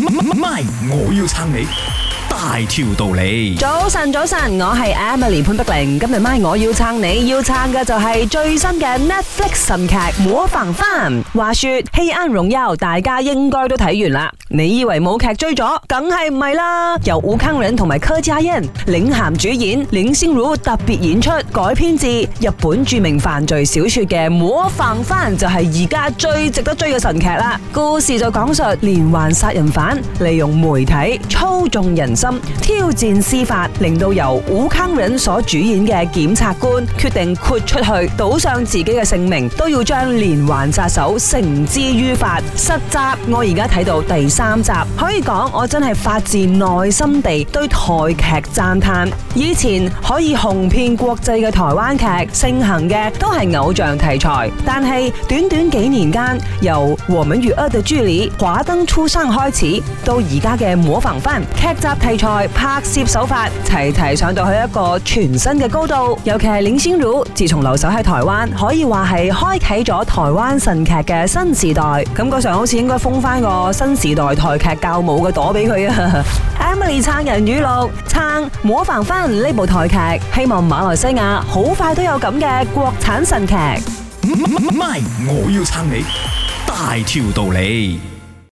MY，我要撐你。大條道理，早晨早晨，我係 Emily 潘德玲，今日晚我要撐你，要撐嘅就係最新嘅 Netflix 神劇《模仿犯》。話說《黑暗榮耀，》 大家應該都睇完啦，你以為冇劇追咗，梗係唔係啦？由吳慷仁同埋柯佳嬿領銜主演，林心如特別演出改編自日本著名犯罪小說嘅《模仿犯》，就係而家最值得追嘅神劇啦！故事就講述連環殺人犯利用媒體操縱人心。挑戰司法，令到由吳慷仁所主演嘅檢察官決定豁出去，賭上自己嘅性命，都要將連環殺手繩之於法。實集我而家睇到第三集，可以講我真係發自內心地對台劇讚嘆。以前可以紅遍國際嘅台灣劇盛行嘅都係偶像題材，但係短短幾年間，由《我們與惡的距離》《華燈初上》開始，到而家嘅《模仿犯》，劇集題材，拍攝手法齊齊上到去一個全新嘅高度，尤其係林心如，自從留守喺台灣，可以話係開啟咗台灣神劇嘅新時代。感覺上好似應該封翻個新時代台劇教母嘅朵俾佢啊！Emily 撐人語錄撐模仿犯呢部台劇，希望馬來西亞好快都有咁嘅國產神劇。唔係，我要撐你，大條道理。